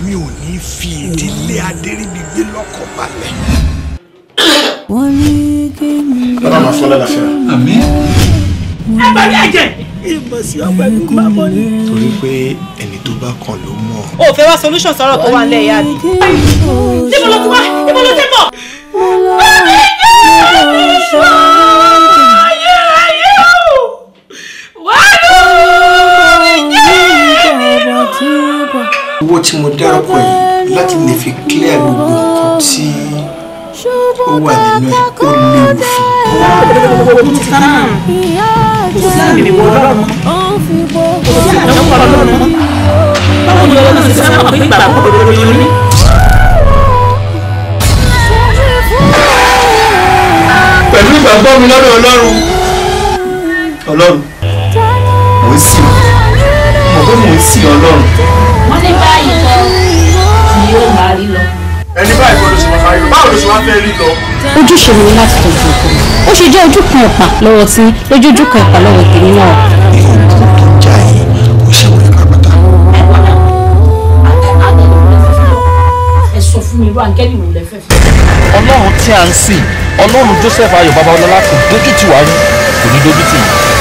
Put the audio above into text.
mi ò ní fi ìdílé adéríbigbé lọ́kàn balẹ̀. bàbá máa fọ́ lálàáfíà. àmín. ẹ bá ní ẹ̀jẹ̀. ìmọ̀ sí ọgbẹ́ mi bá bọ́ ni. torí pé ẹni tó bá kàn ló mọ̀. o fẹ́ wá solution sọ̀rọ̀ tó wà lẹ́yà ni. níbo ló ti wá níbo ló owó tí mo dárúkọ yìí láti lè fi clear gbogbo nǹkan tí ó wà nínú ẹ̀ ó léwu fún mi. kò sí àmì ìwọ ọlọ́run kò sí àmì ìwọ ọlọ́run báwo ni ọlọ́run ti sábà pé ìgbàgbọ́ òdodo ni o ní. pẹ̀lú ìgbàgbọ́ mi lọ́dọ̀ ọlọ́run ọlọ́run mò ń sìn mọ̀ pé mò ń sìn ọlọ́run. wá fẹ́ rí lọ. ojúṣe mi láti tọ́jú ọkọ mi ó ṣe jẹ́ ojú kan ọ̀pá lọ́wọ́ tí lójú ojú kan ọ̀pá lọ́wọ́ tèmi náà. ìhòòhò tó já yìí ó ṣàwòrán ọlọ́run tí a ń sìn ọlọ́run Joseph Ayọ̀ Babalọ́lá kò dójú tì kò ní dójú yìí.